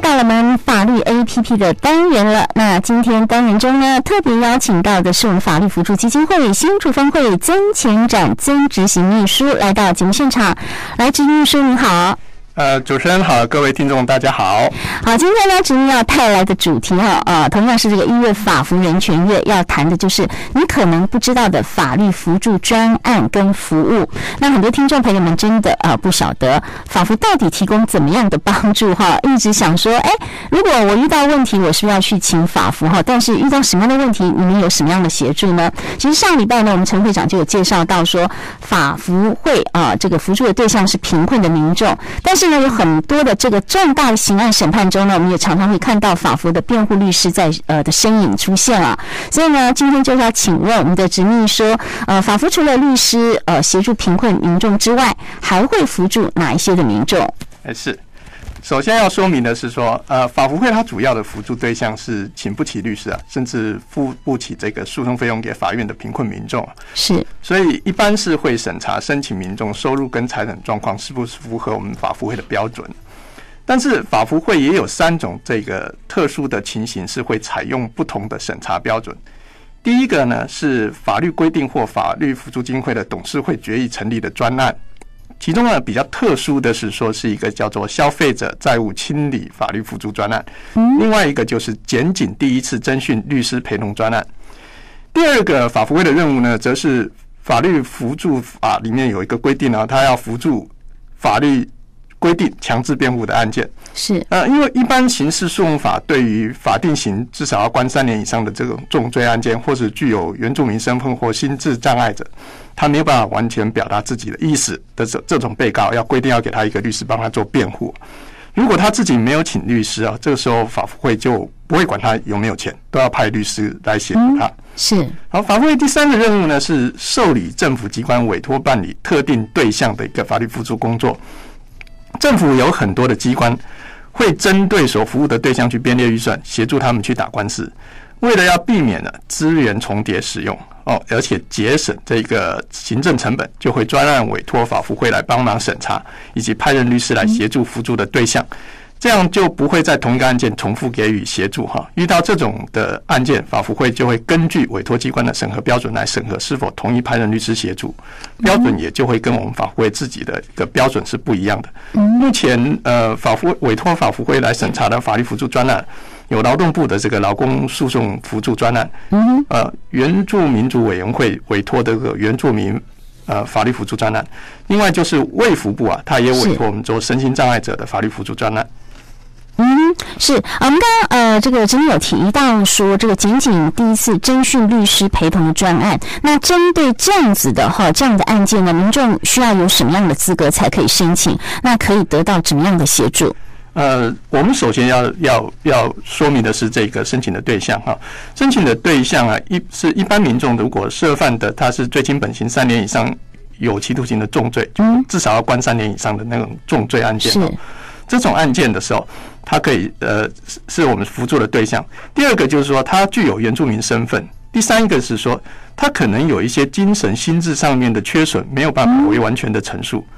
到我們法律 APP 的單元了。那今天單元中呢，特別邀請到的是我們法律扶助基金會新竹分會曾前展曾執行秘書來到節目現場。來執行，秘書您好。呃，主持人好，各位聽眾大家好。好，今天呢，今天要帶來的主題哈，啊，同樣是這個一月法扶人權月，要談的就是你可能不知道的法律扶助專案跟服務。那很多聽眾朋友們真的啊不曉得法扶到底提供怎麼樣的幫助哈、啊，一直想說，哎、欸，如果我遇到問題，我是不是要去請法扶？哈、啊？但是遇到什麼樣的問題，你們有什麼樣的協助呢？其實上禮拜呢，我們陳會長就有介紹到說，法扶會啊，這個扶助的對象是貧困的民眾，但是現在有很多的這個重大的刑案審判中呢，我們也常常會看到法扶的辯護律師在呃的身影出現了啊。所以呢，今天就是要請問我們的執秘說，呃，法扶除了律師呃協助貧困民眾之外，還會扶助哪一些的民眾？是。首先要說明的是說，呃，法扶會它主要的扶助對象是請不起律師啊，甚至付不起這個訴訟費用給法院的貧困民眾。啊。是，所以一般是會審查申請民眾收入跟財產狀況是不是符合我們法扶會的標準。但是法扶會也有三種這個特殊的情形是會採用不同的審查標準。第一個呢是法律規定或法律扶助基金會的董事會決議成立的專案。其中呢，比較特殊的是說，是一個叫做消費者債務清理法律扶助專案，另外一個就是檢警第一次偵訊律師陪同專案。第二個法扶會的任務呢，則是法律扶助法裡面有一個規定啊，它要扶助法律。規定強制辯護的案件是呃，因為一般刑事訴訟法對於法定刑至少要關三年以上的這種重罪案件，或是具有原住民身份或心智障礙者，他沒有辦法完全表達自己的意思的這這種被告，要規定要給他一個律師幫他做辯護。如果他自己沒有請律師啊，這個時候法會就不會管他有沒有錢，都要派律師來協助他，嗯。是，好法會第三個任務呢，是受理政府機關委托辦理特定對象的一個法律扶助工作。政府有很多的機關，會針對所服務的對象去編列預算，協助他們去打官司。為了要避免呢，資源重疊使用哦，而且節省這個行政成本，就會專案委託法扶會來幫忙審查，以及派任律師來協助扶助的對象。嗯。嗯這樣就不會在同一個案件重複給予協助哈、啊。遇到這種的案件，法扶會就會根據委托機關的審核標準來審核是否同意派任律師協助。標準也就會跟我們法扶會自己的一個標準是不一樣的。目前呃，法扶委托法扶會來審查的法律扶助專案有勞動部的這個勞工訴訟扶助專案，呃，原住民族委員會委托的這個原住民呃法律扶助專案，另外就是衛福部啊，它也委托我們做身心障礙者的法律扶助專案。是、啊，我們剛剛呃，這個曾有提到說，這個檢警第一次偵訊律師陪同的專案。那針對這樣子的哈，這樣的案件呢，民眾需要有什麼樣的資格才可以申請？那可以得到怎麼樣的協助？呃，我們首先要要要說明的是，這個申請的對象哈、啊，申請的對象啊，一是一般民眾，如果涉犯的他是最輕本刑三年以上有期徒刑的重罪，嗯、就至少要關三年以上的那種重罪案件。是。這種案件的時候，他可以呃是是我們扶助的對象。第二個就是說他具有原住民身份。第三個是說他可能有一些精神心智上面的缺損，沒有辦法為完全的陳述。嗯、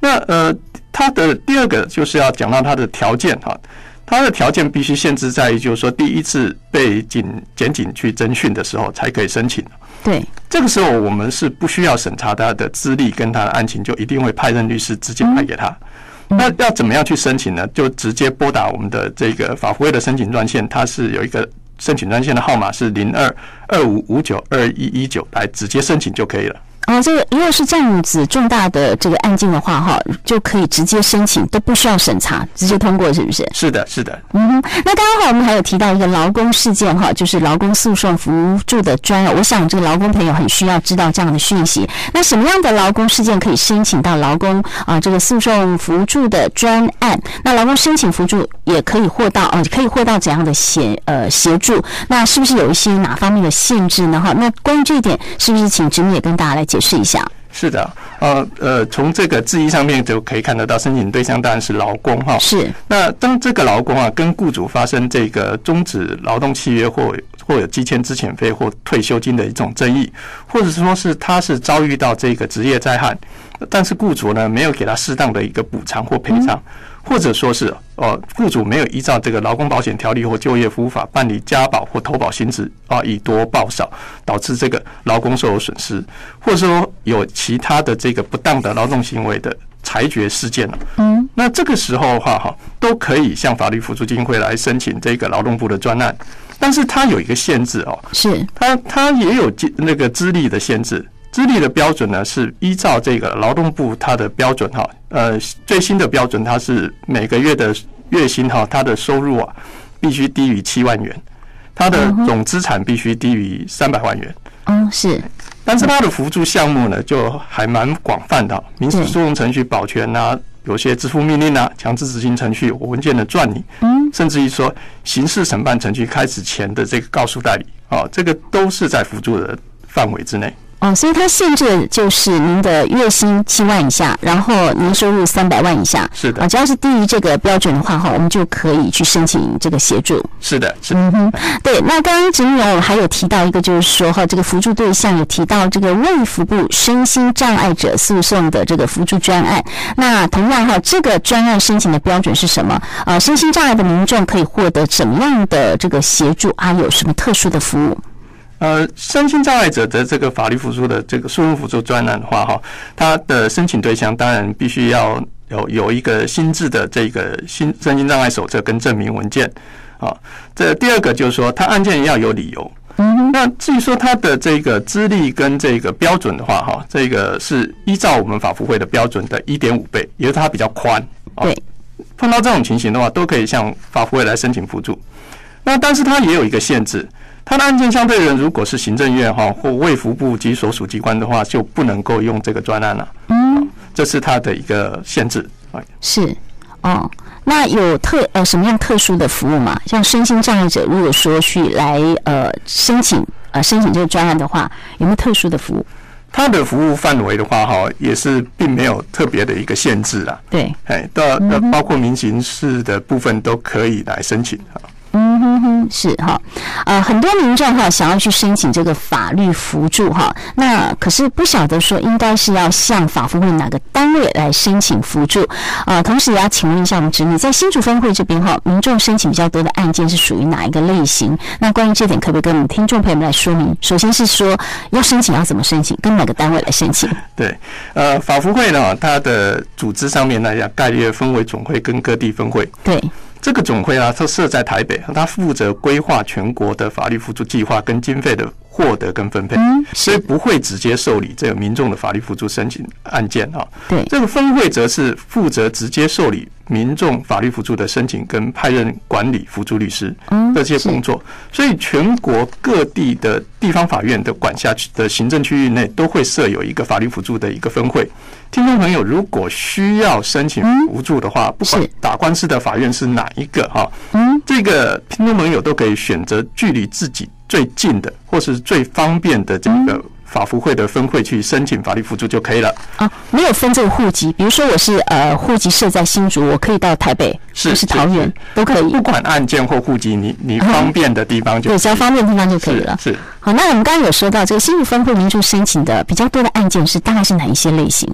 那呃，他的第二個就是要講到他的條件哈，他、啊、的條件必須限制在於就是說第一次被警檢警去偵訊的時候才可以申請。對，這個時候我們是不需要審查他的資歷跟他的案情，就一定會派任律師直接派給他。嗯那要怎麼樣去申請呢？就直接撥打我們的這個法扶會的申請專線，它是有一個申請專線的號碼是零二二五五九二一一九，來直接申請就可以了。啊，這個如果是這樣子重大的這個案件的話，哈、啊，就可以直接申請，都不需要審查，直接通過，是不是？是的，是的。嗯哼，那剛剛好我們還有提到一個勞工事件，哈、啊，就是勞工訴訟扶助的專案，我想這個勞工朋友很需要知道這樣的訊息。那什麼樣的勞工事件可以申請到勞工啊這個訴訟扶助的專案？那勞工申請扶助也可以獲到啊，可以獲到怎樣的協呃協助？那是不是有一些哪方面的限制呢？哈、啊，那關於這一點，是不是請執秘也跟大家來講？試一下，是的，呃呃，從這個字義上面就可以看得到，申請對象當然是勞工哈、哦。是，那當這個勞工啊跟雇主發生這個終止勞動契約，或或有積欠資遣費或退休金的一種爭議，或者說是他是遭遇到這個職業災害，但是雇主呢沒有給他適當的一個補償或賠償。嗯或者說是，呃，僱主沒有依照這個《勞工保險條例》或《就業服務法》辦理加保或投保薪資，啊，以多報少，導致這個勞工受有損失，或者說有其他的這個不當的勞動行為的裁決事件了。嗯，那這個時候的話，哈，都可以向法律扶助基金會來申請這個勞動部的專案，但是它有一個限制哦，是它它也有那個資歷的限制。資歷的標準呢，是依照這個勞動部它的標準哈、啊。呃，最新的標準它是每個月的月薪哈、啊，它的收入啊必須低於七萬元，它的總資產必須低於三百萬元。嗯，是。但是它的扶助項目呢，就還蠻廣泛的、啊，民事訴訟程序保全吶、啊，有些支付命令吶，強制執行程序文件的撰擬，甚至於說刑事審判程序開始前的這個告訴代理，哦，這個都是在扶助的範圍之內。哦，所以它限制就是您的月薪七萬以下，然後年收入三百萬以下。是的，只要是低於這個標準的話哈，我們就可以去申請這個協助。是的，是的嗯哼，對。那剛剛主持人我還有提到一個，就是說哈，這個扶助對象有提到這個衛福部身心障礙者訴訟的這個扶助專案。那同樣哈，這個專案申請的標準是什麼？啊、呃，身心障礙的民眾可以獲得怎麼樣的這個協助啊？還有什麼特殊的服務？呃，身心障礙者的這個法律扶助的這個訴訟扶助專案的話、哦，哈，它的申請對象當然必須要有有一個新制的這個心身心障礙手冊跟證明文件啊、哦。這第二個就是說，他案件要有理由。嗯、那至於說他的這個資歷跟這個標準的話，哈，這個是依照我們法扶會的標準的一點五倍，也就是它比較寬、哦。對，碰到這種情形的話，都可以向法扶會來申請扶助。那但是它也有一個限制。他的案件相對人如果是行政院哈或衛福部及所屬機關的話，就不能夠用這個專案了、啊。嗯，這是他的一個限制是。是哦，那有特呃什麼樣特殊的服務嗎？像身心障礙者如果說去來呃申請呃申請這個專案的話，有沒有特殊的服務？他的服務範圍的話哈，也是並沒有特別的一個限制啊、嗯。對，哎，的那包括民刑事的部分都可以來申請。嗯哼，是哈、哦，呃，很多民眾哈、哦、想要去申請這個法律扶助哈、哦，那可是不曉得說應該是要向法扶會哪個單位來申請扶助呃，同時也要請問一下我們曾執秘，在新竹分會這邊哈，民眾申請比較多的案件是屬於哪一個類型？那關於這點，可不可以跟我們聽眾朋友們來說明？首先是說要申請要怎麼申請，跟哪個單位來申請？對，呃，法扶會呢，它的組織上面來講，概略分為總會跟各地分會。對。這個總會啊，它設在台北，它負責規劃全國的法律扶助計劃跟經費的。獲得跟分配，所以不會直接受理這個民眾的法律扶助申請案件啊。對，這個分會則是負責直接受理民眾法律扶助的申請跟派任管理扶助律師這些工作。所以全國各地的地方法院的管轄的行政區域內都會設有一個法律扶助的一個分會。聽眾朋友，如果需要申請扶助的話，不管打官司的法院是哪一個哈，啊，這個聽眾朋友都可以選擇距離自己最近的或是最方便的這個法扶會的分會去申請法律扶助就可以了，嗯。啊，沒有分這個戶籍，比如說我是呃戶籍設在新竹，我可以到台北或是，是，是桃園都可以。不管案件或戶籍，你你方便的地方就比較、嗯、方便的地方就可以了。是，是好，那我們剛剛有說到這個新竹分會民眾申請的比較多的案件是大概是哪一些類型？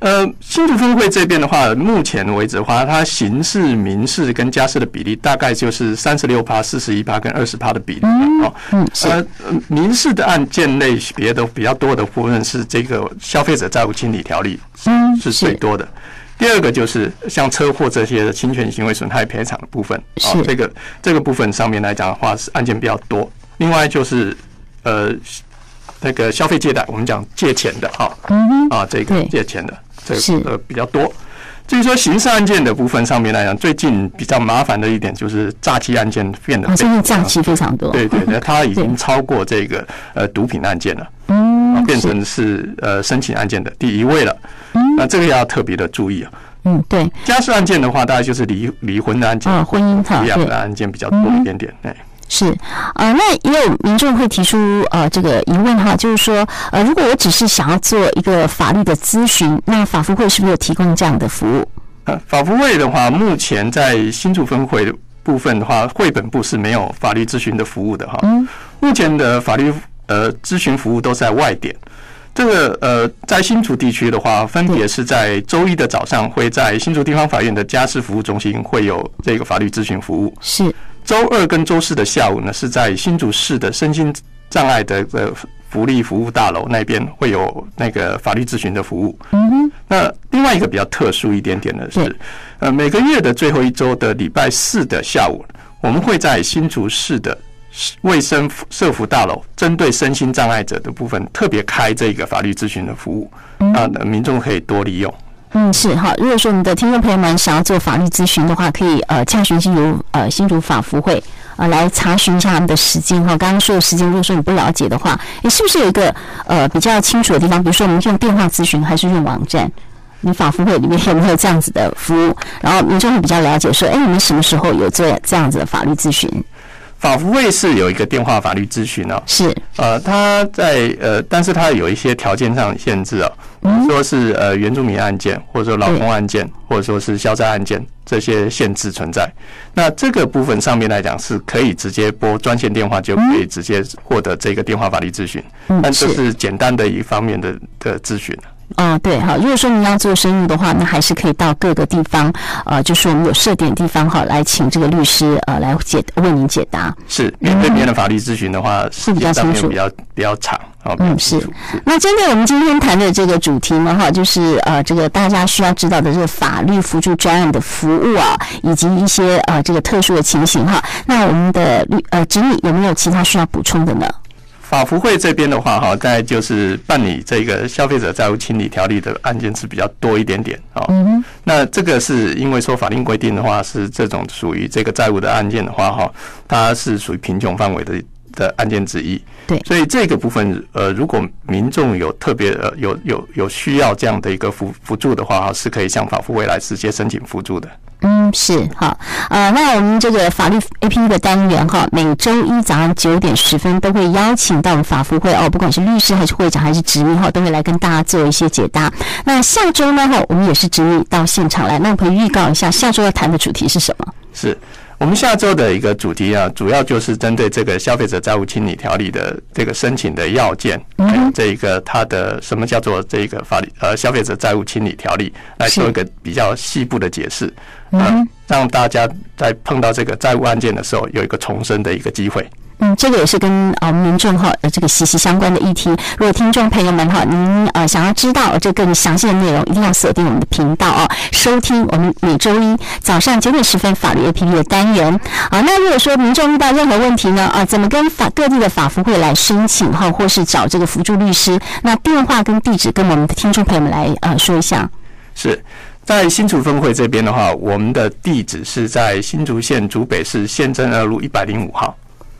呃，新竹分會這邊的話，目前為止的話，它，刑事、民事跟家事的比例大概就是三十六趴、四十一趴跟二十趴的比例。嗯、啊，呃，呃，民事的案件類別的比較多的部分是這個消費者債務清理條例是最多的。第二個就是像車禍這些的侵權行為損害賠償的部分，啊，是這個這個部分上面來講的話是案件比較多。另外就是呃那個消費借貸，我們講借錢的哈、啊，啊這個借錢的。是呃比較多。至於說刑事案件的部分上面來講，最近比較麻煩的一點就是詐欺案件變得多、啊、詐欺非常多，對對，對，那它已經超過這個、嗯、呃毒品案件了，變成是，是呃申請案件的第一位了。嗯、那這個要特別的注意啊。嗯，對，家事案件的話，大概就是離離婚的案件啊，離婚姻啊這樣的案件比較多一點點，對嗯對是，呃，那也有民眾會提出呃這個疑問哈，就是說，呃，如果我只是想要做一個法律的諮詢，那法服會是不是有提供這樣的服務？呃，法服會的話，目前在新竹分會的部分的話，繪本部是沒有法律諮詢的服務的哈。嗯，目前的法律呃諮詢服務都在外點，這個呃，在新竹地區的話，分別是在周一的早上會在新竹地方法院的家事服務中心會有這個法律諮詢服務是。週二跟週四的下午呢，是在新竹市的身心障礙的呃福利服務大樓那邊會有那個法律諮詢的服務。嗯哼。那另外一個比較特殊一點點的是，呃，每個月的最後一週的禮拜四的下午，我們會在新竹市的衛生社福大樓，針對身心障礙者的部分特別開這個法律諮詢的服務，那民眾可以多利用。嗯，是好。如果說我們的聽眾朋友們想要做法律諮詢的話，可以呃洽詢呃新竹法扶會呃，來查詢一下他們的時間哈、哦。剛剛說的時間，如果說你不了解的話，誒，是不是有一個呃比較清楚的地方？比如說，我們用電話諮詢還是用網站？你法扶會裡面有沒有這樣子的服務？然後你就會比較了解說，說誒，你們什麼時候有做這樣子的法律諮詢？法扶會是有一個電話法律諮詢呢、哦？是。呃，他在呃，但是他有一些條件上限制哦。嗯、說是呃原住民案件，或者說勞工案件，或者說是消災案件，這些限制存在。那這個部分上面來講是可以直接撥專線電話，就可以直接獲得這個電話法律諮詢。但這是簡單的一方面的的諮詢、嗯。哦，對，好。如果說你要做生意的話，那還是可以到各個地方，呃，就是我們有設點地方哈，來請這個律師呃來解為您解答。是，面對面的法律諮詢的話、嗯、比是比較清楚，比較、哦、比較長。好，嗯，是。是那針對我們今天談的這個主題呢，哈，就是呃，這個大家需要知道的這個法律輔助專案的服務啊，以及一些呃這個特殊的情形哈。那我們的律呃助理有沒有其他需要補充的呢？法扶會這邊的話，哈，大概就是辦理這個《消費者債務清理條例》的案件是比較多一點點啊。那這個是因為說，法令規定的話，是這種屬於這個債務的案件的話，哈，它是屬於貧窮範圍的的案件之一。對，所以這個部分，呃，如果民眾有特別呃有有有需要這樣的一個扶扶助的話，哈，是可以向法扶會來直接申請扶助的。嗯，是，好，呃，那我們這個法律 APP 的單元哈，每周一早上九點十分都會邀請到我們法扶會哦，不管是律師還是會長還是執秘哈，都會來跟大家做一些解答。那下周呢哈，我們也是執秘到現場來，那我們可以預告一下下周要談的主題是什麼？是我們下周的一個主題啊，主要就是針對這個《消費者債務清理條例》的這個申請的要件，mm -hmm. 還有，這一個它的什麼叫做這個法律呃《消費者債務清理條例》來做一個比較細部的解釋，mm -hmm. 呃，讓大家在碰到這個債務案件的時候有一個重生的一個機會。嗯、這個也是跟啊、呃、民眾哈呃、哦、這個息息相關的議題。如果聽眾朋友們哈，您、嗯、啊、呃、想要知道這個更詳細的內容，一定要鎖定我們的頻道哦，收聽我們每周一早上九點十分法律 APP 的單元。啊、哦，那如果說民眾遇到任何問題呢，啊、呃、怎麼跟法各地的法扶會來申請哈、哦，或是找這個扶助律師？那電話跟地址跟我們的聽眾朋友們來呃說一下。是在新竹分會這邊的話，我們的地址是在新竹縣竹北市縣政二路一百零五號。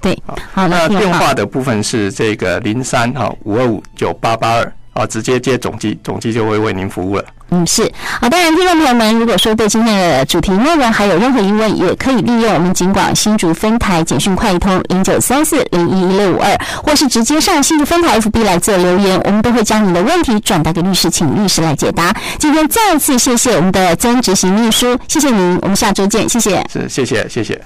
對，好，那、啊、電話的部分是這個零三哈五二五九八八二啊，直接接總機，總機就會為您服務了。嗯，是，好、啊，當然聽眾朋友們，如果說對今天的主題內容還有任何疑問，也可以利用我們警廣新竹分台簡訊快易通零九三四零一一六五二，或是直接上新竹分台 F B 來做留言，我們都會將您的問題轉達給律師，請律師來解答。今天再次謝謝我們的曾執行秘書，謝謝您，我們下周見，謝謝。是，謝謝，謝謝。